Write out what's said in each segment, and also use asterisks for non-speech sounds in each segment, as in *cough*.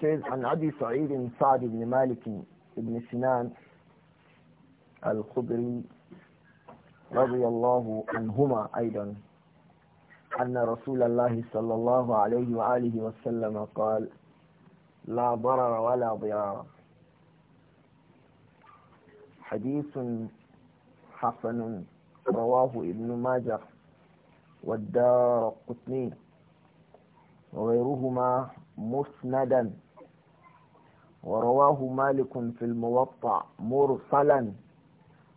says, عن أبي سعيد سعد بن مالك بن سنان الخضري رضي الله عنهما أيضا أن رسول الله صلى الله عليه وآله وسلم قال لا ضرر ولا ضرار حديث حسن رواه ابن ماجه والدار قطني وغيرهما مسندا ورواه مالك في الموطع مرسلا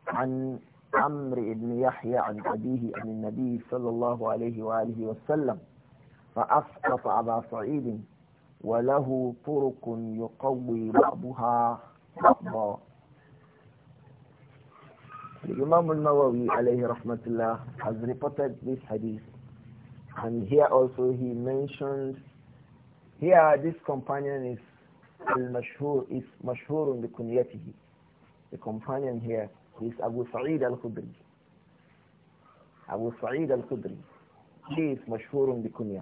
عن عمر بن يحيى عن أبيه عن النبي صلى الله عليه وآله وسلم فأسقط على صعيد وله طرق يقوي بعضها بعضا الإمام النووي عليه رحمة الله has reported this hadith and here also he mentioned here this companion is al-mashhur is mashhurun bi The companion here is Abu Sa'id al-Khudri. Abu Sa'id al-Khudri. He is mashhurun bi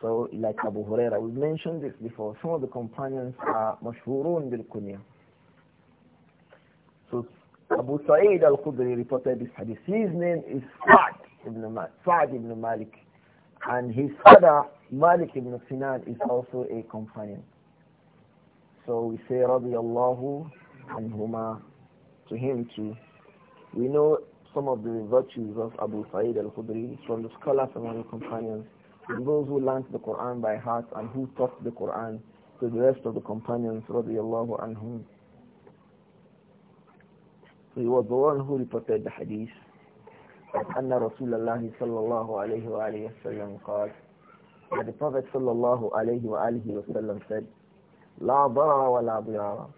So like Abu Huraira, we mentioned this before. Some of the companions are mashhurun the kunya. So Abu Sa'id al-Khudri reported this hadith. His name is Sa'd ibn, Ma Sa ibn Malik. And his father, Malik ibn Sinan, is also a companion. So we say radiallahu anhuma to him too. We know some of the virtues of Abu Sa'id al-Khudri from the scholars among the companions, from those who learnt the Quran by heart and who taught the Quran to the rest of the companions radiallahu anhum. he was the one who reported the hadith أن رسول الله صلى الله عليه وآله وسلم قال that the Prophet صلى الله عليه وآله وسلم said لا ضرر ولا ضرار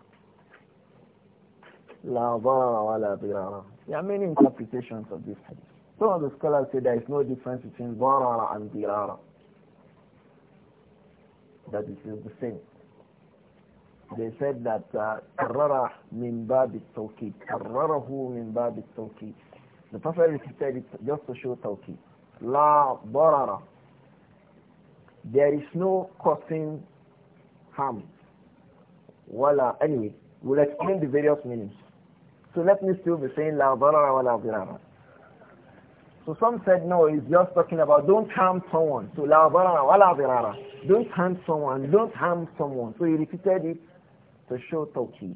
لا ضرر ولا ضرار There are many interpretations of this hadith. Some of the scholars say there is no difference between ضرر and ضرار. That it is the same. They said that كرره uh, من باب التوكيد كرره من باب التوكيد The Prophet repeated it just to show توكيد لا ضرر There is no causing harm wala. Anyway, we'll explain the various meanings. So let me still be saying la darara wala dirara. So some said no, he's just talking about don't harm someone. So la darara wala dirara. Don't harm someone, don't harm someone. So he repeated it to show tawqi,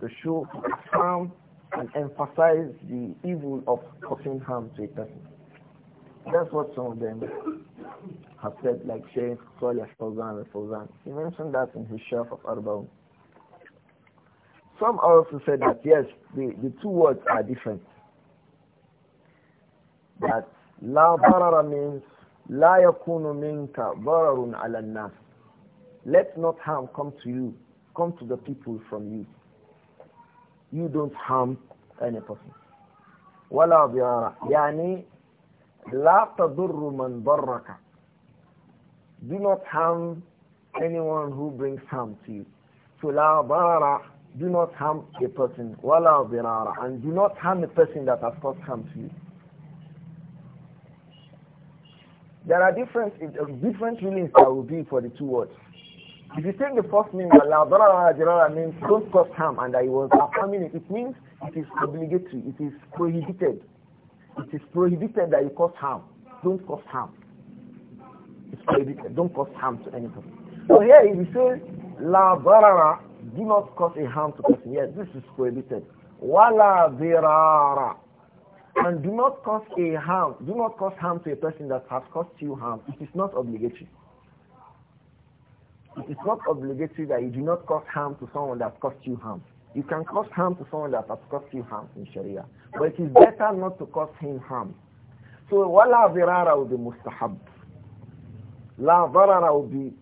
to show harm and emphasize the evil of causing harm to a person. That's what some of them have said, like Shaykh Salih Fawzan al-Fawzan. He mentioned that in his Sharf of Arbaun. Some also said that yes, the, the two words are different. That la barara means la yakunu minka bararun ala nas. Let not harm come to you, come to the people from you. You don't harm any person. ولا ضرر يعني لا تضر من ضرك do not harm anyone who brings harm to you so la barara do not harm a person, wala birara, and do not harm a person that has caused harm to you. There are different different meanings that will be for the two words. If you take the first meaning, wala birara means don't cause harm, and I was affirming it. It means it is obligatory, it is prohibited. It is prohibited that you cause harm. Don't cause harm. It's prohibited. Don't cause harm to anybody. So here you say la barara do not cause a harm to person. Yes, this is prohibited. Wala virara, And do not cause a harm. Do not cause harm to a person that has caused you harm. It is not obligatory. It is not obligatory that you do not cause harm to someone that caused you harm. You can cause harm to someone that has caused you harm in Sharia. But it is better not to cause him harm. So wala virara will be mustahab. La virara will be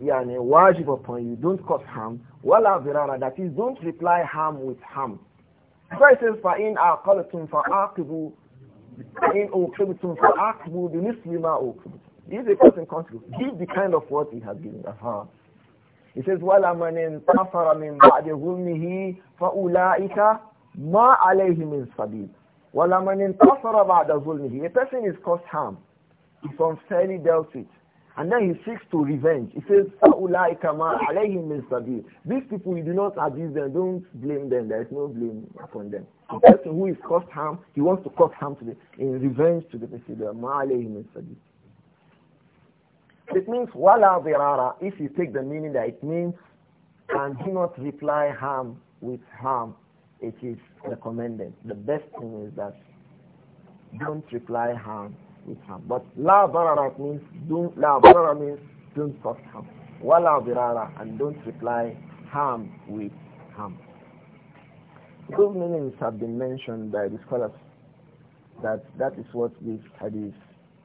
yani, wajib upon you, don't cause harm. Wala birara, that is, don't reply harm with harm. So it says, فَإِنْ أَعْقَلْتُمْ فَأَعْقِبُوا فَإِنْ أُوْقِبْتُمْ فَأَعْقِبُوا بِمِثْلِ مَا أُوْقِبْتُمْ is a person comes give the kind of what he has given, uh He says, وَلَا مَنْ انْتَفَرَ مِنْ بَعْدِ ظُلْمِهِ فَأُولَٰئِكَ مَا عَلَيْهِ مِنْ سَبِيلٍ وَلَا مَنْ انْتَفَرَ بَعْدَ ظُلْمِهِ A person is caused harm. He's unfairly dealt with. And then he seeks to revenge. He says, These people, you do not abuse them. Don't blame them. There is no blame upon them. The person who is caused harm, he wants to cause harm to them in revenge to the person. It means, wala if you take the meaning that it means, and do not reply harm with harm, it is recommended. The best thing is that don't reply harm with harm. But la barara means don't la barara means don't cause harm. Wala birara and don't reply harm with harm. Those meanings have been mentioned by the scholars that that is what this hadith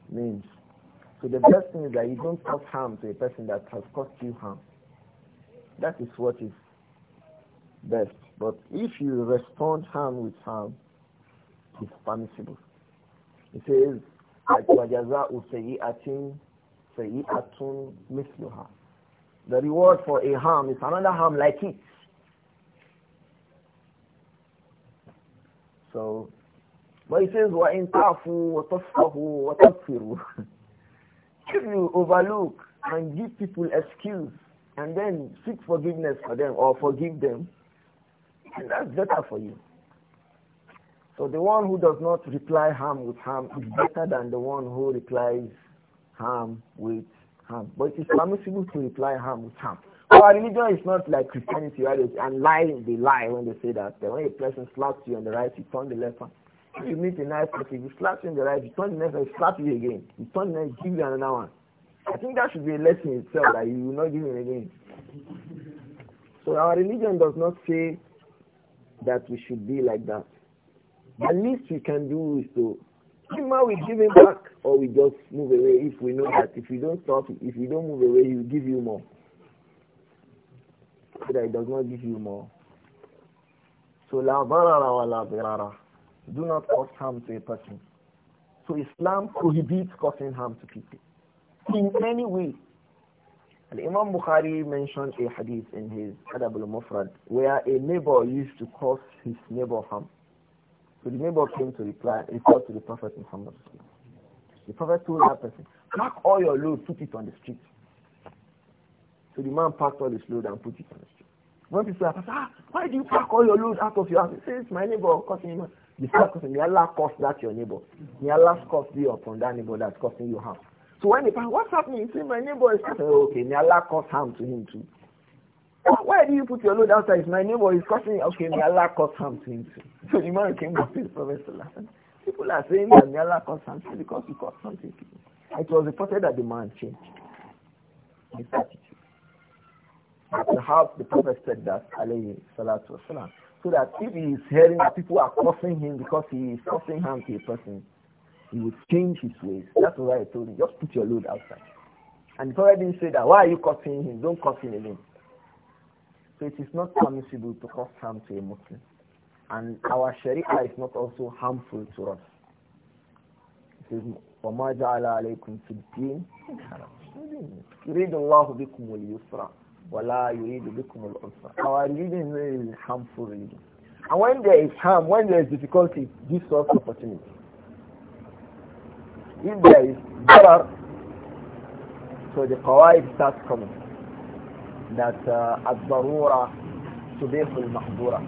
means. So the best thing is that you don't cause harm to a person that has caused you harm. That is what is best. But if you respond harm with harm, it's permissible. It says, like The reward for a harm is another harm like it. So, but it says وَإِن ta'fu, وَتَصْفَهُوا وَتَغْفِرُوا *laughs* If you overlook and give people excuse and then seek forgiveness for them or forgive them, and that's better for you. So the one who does not reply harm with harm is better than the one who replies harm with harm. But it is permissible to reply harm with harm. Our religion is not like Christianity, right? And lie, they lie when they say that. When a person slaps you on the right, you turn the left one. If you meet a nice person, you slap you on the right, you turn the left hand, slap you again. You turn the left, give you another one. I think that should be a lesson itself that you will not give him again. So our religion does not say that we should be like that. The least we can do is to i we give him back or we just move away if we know that if you don't stop, if you don't move away, he will give you more. So that he does not give you more. So la barara wa la Do not cause harm to a person. So Islam prohibits causing harm to people in any way. And Imam Bukhari mentioned a hadith in his Adab al-Mufrad where a neighbor used to cause his neighbor harm. So the neighbor came to reply, report to the Prophet Muhammad. The Prophet told that person, pack all your load, put it on the street. So the man packed all his load and put it on the street. When people ask, ah, why do you pack all your load out of your house? He says, my neighbor causing him. The first person, may Allah cause that your neighbor. May Allah's curse be upon that neighbor that's causing you harm. So when they find what's happening, you see my neighbor is okay, may Allah cause harm to him too. Why do you put your load outside? It's my neighbor is cursing. Okay, may Allah cause harm to him *laughs* So the man came back to the Prophet People are saying that may Allah caused something because he caused something. It was reported that the man changed his attitude. the Prophet said that, alayhi salatu wasalam, so that if he is hearing that people are cursing him because he is causing harm to a person, he would change his ways. That's why I told him, just put your load outside. And the Prophet didn't say that, why are you cursing him? Don't curse him again. So it is not permissible to cause harm to a Muslim. And our Sharia is not also harmful to us. It says, وَمَا جَعَلَ عَلَيْكُمْ فِي الدِّينِ يريد الله بكم اليسر ولا يريد بكم العسر. Our religion is harmful religion. And when there is harm, when there is difficulty, this gives us opportunity. If there is error, so the qawaid starts coming that الضرورة تبيح المقدورة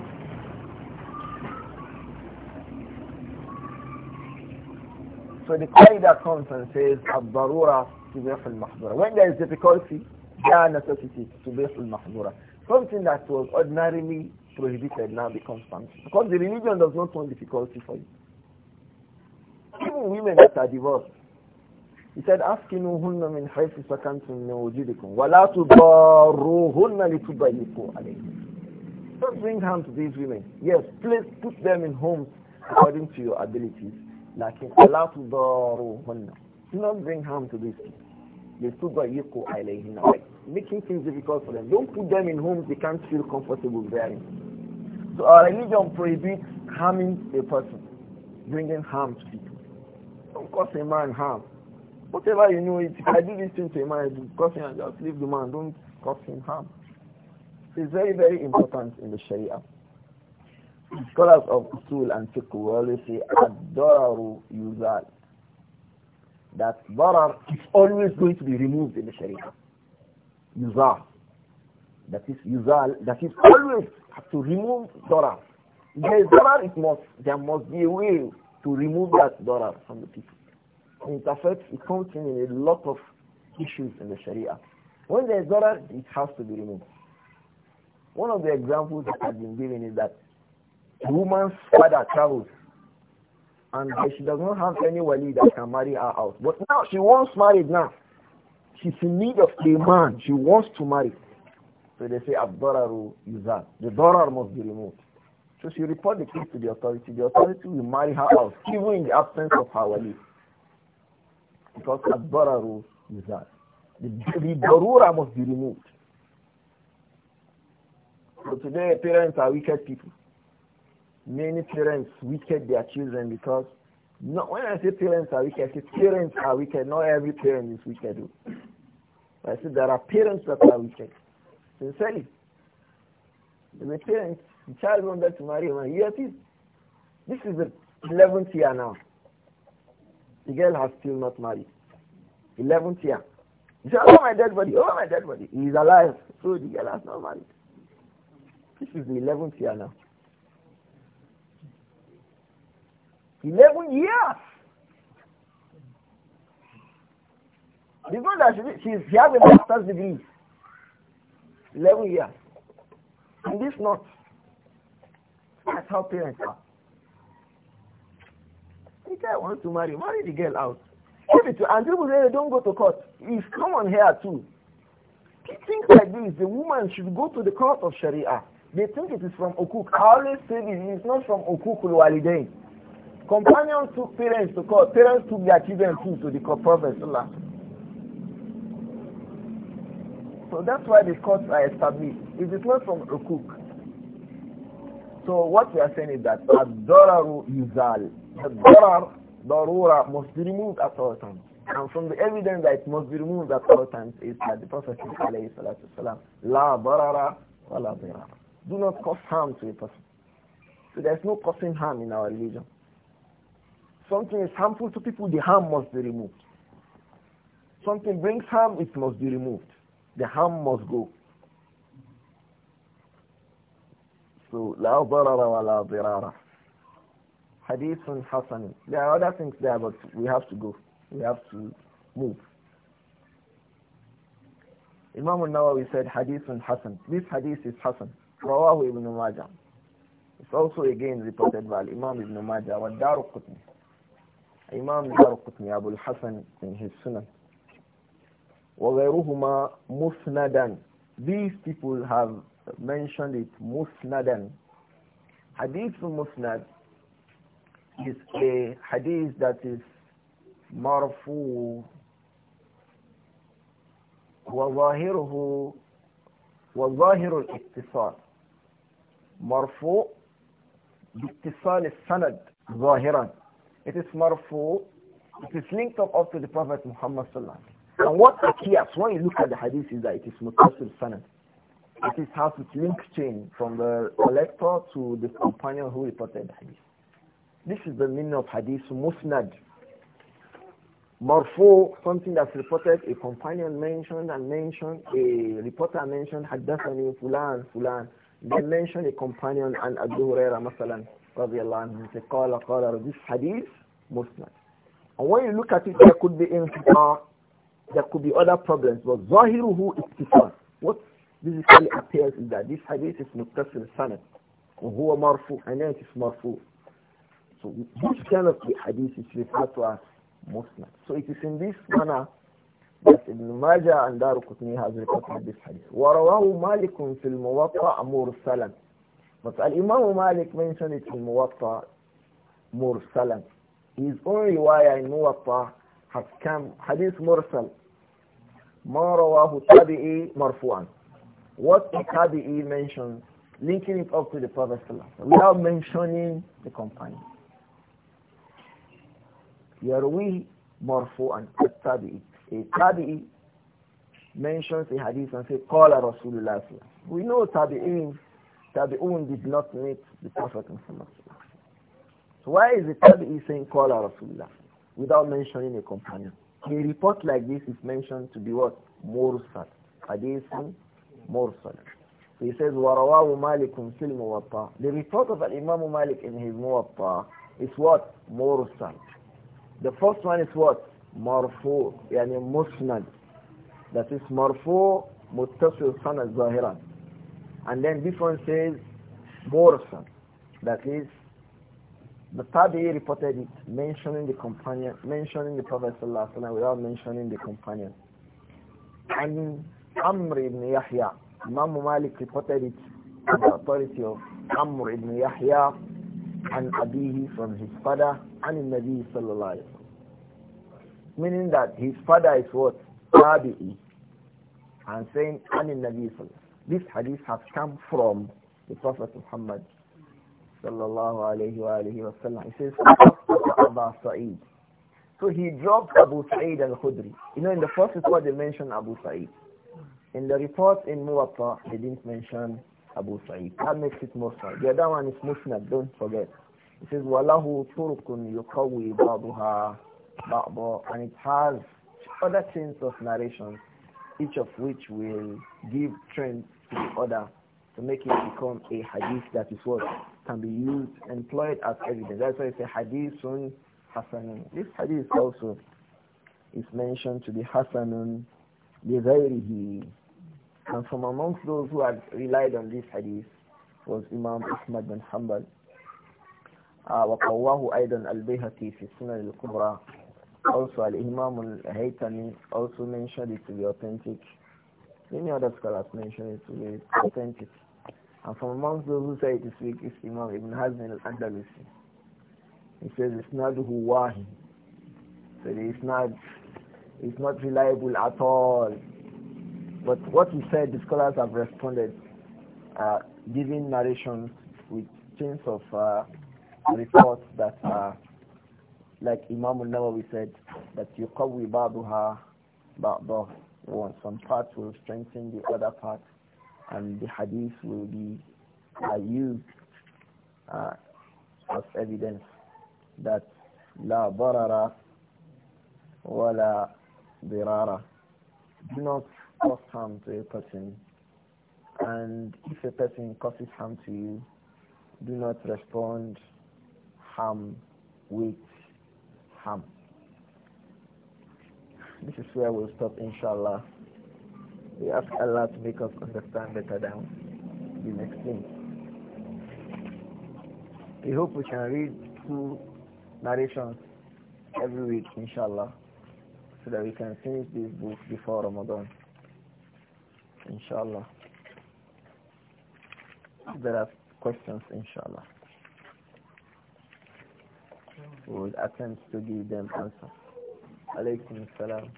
So the Qaeda comes and says الضرورة تبيح المقدورة When there is difficulty there are necessities تبيح المقدورة Something that was ordinarily prohibited now becomes something Because the religion does not want difficulty for you. Even women that are divorced he said, "Askinuhunna min haythu sakantum min wujudikum wa la tudarruhunna litubayyiqu alayhim." Don't bring harm to these women. Yes, please put them in homes according to your abilities. Lakin la tudarruhunna. Do not bring harm to these kids. Litubayyiqu alayhinna. Like making things difficult for them. Don't put them in homes they can't feel comfortable bearing. So our religion prohibits harming a person, bringing harm to people. Don't cause a man harm. Whatever you know, if I do this thing to a man, because him, just leave the man, don't cause him harm. So it's very, very important in the Sharia. Scholars of Usul and Fiqh will always say, Ad-dararu yuzal. That darar is always going to be removed in the Sharia. Yuzal. That is yuzal, that is always to remove darar. There is darar, it must, there must be a way to remove that darar from the people it affects, it comes in a lot of issues in the Sharia. When there is zarar, it has to be removed. One of the examples that I've been given is that a woman's father travels and she does not have any wali that can marry her out. But now she wants married now. She's in need of a man. She wants to marry. So they say, Abdararu Yuzan. The darar must be removed. So she reports the case to the authority. The authority will marry her out, even in the absence of her wali. Because al is yuzal. The, the barura must be removed. So today parents are wicked people. Many parents wicked their children because no, when I say parents are wicked, I say parents are wicked. Not every parent is wicked. I say there are parents that are wicked. Sincerely. The parents, the child wanted to marry a man. see, this is the 11th year now. The girl has still not married. 11th year. He said, oh my dead body, oh my dead body. He is alive, so the girl has not married. This is the 11th year now. 11 years! The girl that she, she's, she has a master's degree. 11 years. And this not. That's how parents are the guy wants to marry, marry the girl out. Give it to and people say don't go to court. It's common here too. Things like this, the woman should go to the court of Sharia. They think it is from Okuk. I always say this, it is not from Okuk Walidain. Companions took parents to court, parents took their children too to the court Prophet. So that's why the courts are established. It is not from Okuk. So what we are saying is that ad-dararu yuzal. Ad-darar, darura must be removed at all times. And from the evidence that it must be removed at all times is that the Prophet said, La barara wa la dirara. Do not cause harm to a person. So there's no causing harm in our religion. Something is harmful to people, the harm must be removed. Something brings harm, it must be removed. The harm must go. So, لا wa la ضرار. Hadith Hasan. There are other things there, but we have to go. We have to move. Imam al-Nawawi said Hadith Hasan. This Hadith is Hassan. Rawahu ibn Majah. It's also again reported by Imam ibn Majah wa Darqutni. Imam Darqutni Abu al-Hasan in his Sunan. وغيرهما مسندا these people have mentioned it musnadan. Hadith musnad is a hadith that is marfu وظاهره وظاهر الاتصال مرفوع باتصال السند ظاهرا it is marfu. it is linked up, up to the prophet Muhammad sallallahu and what appears when you look at the hadith is that it is متصل sanad it is how to link chain from the collector to the companion who reported the hadith. This is the meaning of hadith musnad. Marfu, something that's reported, a companion mentioned and mentioned, a reporter mentioned, haddathani fulan, fulan. They mentioned a companion and Abu Huraira, masalan, radiallahu anhu. He qala, qala, this hadith, musnad. And when you look at it, there could be in, there could be other problems, but zahiruhu ittifaq. What physically appears is that this hadith is muttasil sanad وهو مرفوع and then it is Marfu? so this kind of hadith is referred to as musnad so it is in this manner that Ibn Majah and Darqutni has reported this hadith ورواه مالك في الموطأ مرسلا but Al-Imam Malik mentioned it in Muwatta Mursalan his own riwayah in Muwatta has come hadith Mursal ما رواه Tabi'i مرفوعا what the Tabi'i mentions, linking it up to the Prophet without mentioning the companion. Yarwi Marfu'an At-Tabi'i. A Tabi'i mentions a hadith and says, Qala Rasulullah We know Tabi'in, Tabi'un did not meet the Prophet So why is the Tabi'i saying Qala Rasulullah without mentioning a companion? A report like this is mentioned to be what? Mursal. Hadith mursal. He says, وَرَوَاهُ مَالِكٌ فِي الْمُوَطَّةِ The report of Imam Malik in his Muwatta is what? Mursal. The first one is what? Marfu, yani musnad. That is marfu, muttasil sanad zahiran. And then this one says mursal. That is, the tabi'i reported it, mentioning the companion, mentioning the Prophet sallallahu without mentioning the companion. And Amr ibn Yahya. Imam Malik reported it on the authority of Amr ibn Yahya and Abihi from his father and the Nabi sallallahu alayhi Meaning that his father is what? Tabi'i. And saying and the Nabi sallallahu This hadith has come from the Prophet Muhammad sallallahu alayhi wa alayhi wa sallam. He says, Abba Sa'id. So he dropped Abu Sa'id al-Khudri. You know, in the first report they mentioned Abu Sa'id. In the report in Muwatta, they didn't mention Abu Sa'id. That makes it Musnad. The other one is Musnad, don't forget. It says, وَلَهُ طُرُقٌ يُقَوِّي بَعْضُهَا بَعْضًا And it has other chains of narration, each of which will give strength to the other to make it become a hadith that is what can be used, employed as evidence. That's why it's a hadithun hasanun. This hadith also is mentioned to be hasanun he and from amongst those who had relied on this hadith was Imam Ahmad bin Hanbal. وقواه أيضا البيهقي في السنن الكبرى also imam Al-Haytami also mentioned it to be authentic many other scholars mentioned it to be authentic and from amongst those who say it is weak is Imam Ibn Hazm Al-Andalusi he says it's not huwahi so it's not it's not reliable at all but what you said, the scholars have responded, uh, giving narrations with chains of uh, reports that, uh, like Imam al-Nawawi said, that you yuqawi ba'duha ba'dah. Some parts will strengthen the other part, and the hadith will be uh, used uh, as evidence that la barara wala dirara. Do not cause harm to a person, and if a person causes harm to you, do not respond harm with harm. This is where we'll stop, inshallah. We ask Allah to make us understand better than we explained. We hope we can read two narrations every week, inshallah, so that we can finish this book before Ramadan inshallah. There are questions, inshallah. We will attempt to give them answer. Alaykum salam.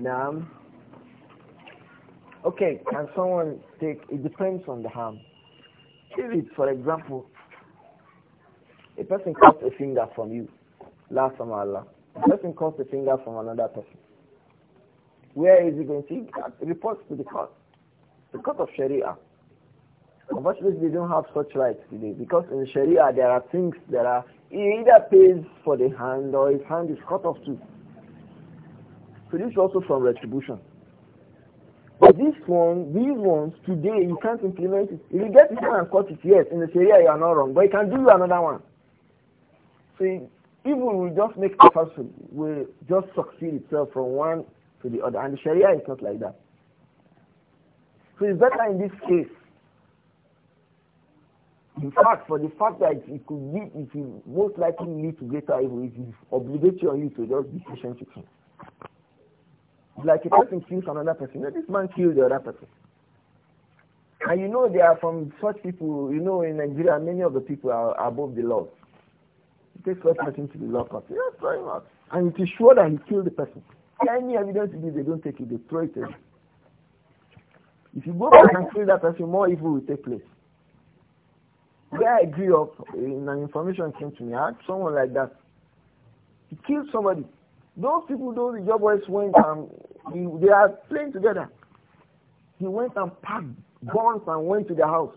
Naam. Okay, can someone take, it depends on the harm for example, a person cuts a finger from you. Last from Allah. A person cuts a finger from another person. Where is he going to? report reports to the court. The court of Sharia. Unfortunately, they don't have such rights today because in Sharia there are things that are he either pays for the hand or his hand is cut off too. So this is also from retribution this one, these ones, today you can't implement it. If you get this one and cut it, yes, in the Sharia you are not wrong, but you can do another one. So evil will just make a person will just succeed itself from one to the other, and the Sharia is not like that. So it's better in this case. In fact, for the fact that it could lead, it will most likely lead to greater evil, it is obligatory on you to just be patient with him. Like a person kills another person. You know, this man killed the other person. And you know they are from such people, you know in Nigeria many of the people are above the law. It takes such person to be locked up. Yes, very much. And it is sure that he killed the person. Any evidence it is, they don't take it, they throw it away. If you go back and kill that person, more evil will take place. Where I grew up, in eh, an information came to me, I had someone like that. He killed somebody. Those people, those job boys went and he, they are playing together. He went and packed guns and went to their house.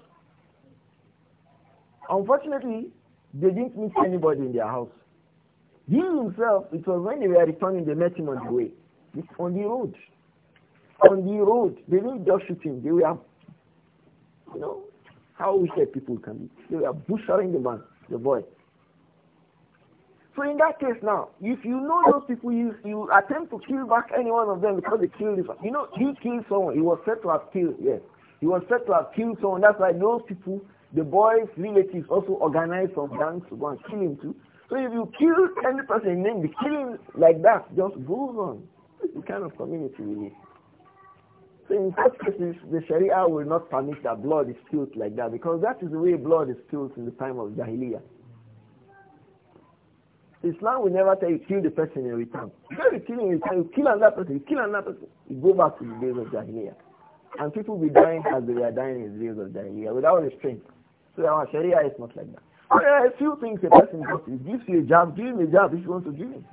Unfortunately, they didn't meet anybody in their house. He himself, it was when they were returning, they met him on the way. It's on the road. On the road. They didn't just shoot him. They were, you know, how wicked people can be. They were butchering the man, the boy. So in that case now, if you know those people, you, you attempt to kill back any one of them because they killed you. You know, he killed someone. He was said to have killed, yes. He was said to have killed someone. That's why those people, the boy's relatives also organized some gangs to go and kill him too. So if you kill any person, then the killing like that just goes on. It's the kind of community we live. So in such cases, the Sharia will not permit that blood is spilled like that because that is the way blood is spilled in the time of Jahiliyyah. Islam will never tell you kill the person in return. You can't kill in return. You kill another person. You kill another person. You go back to the days of Jahiliyyah. And people will be dying as they were dying in the days of Jahiliyyah without restraint. So our Sharia is not like that. there oh, are a few things a person does. He gives you a job. Give him a job if you want to give him.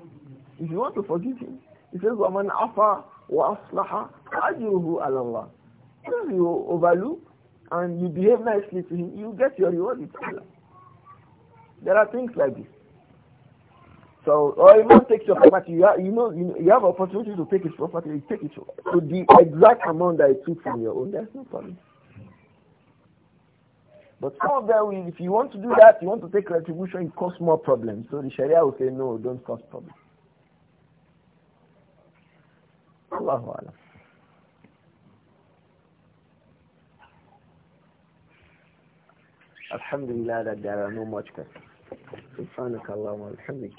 If you want to forgive him. He says, وَمَنْ عَفَى وَأَصْلَحَ أَجْرُهُ عَلَى اللَّهِ If you overlook and you behave nicely to him, you get your reward There are things like this. So, or you not take your property. You have, you know, you have opportunity to take his property. You take it to the exact amount that it took from your own. There's no problem. But some of them, if you want to do that, you want to take retribution, it costs more problems. So the Sharia will say, no, don't cause problems. Allahu Alam. Alhamdulillah that there are no much questions. سبحانك اللهم وبحمدك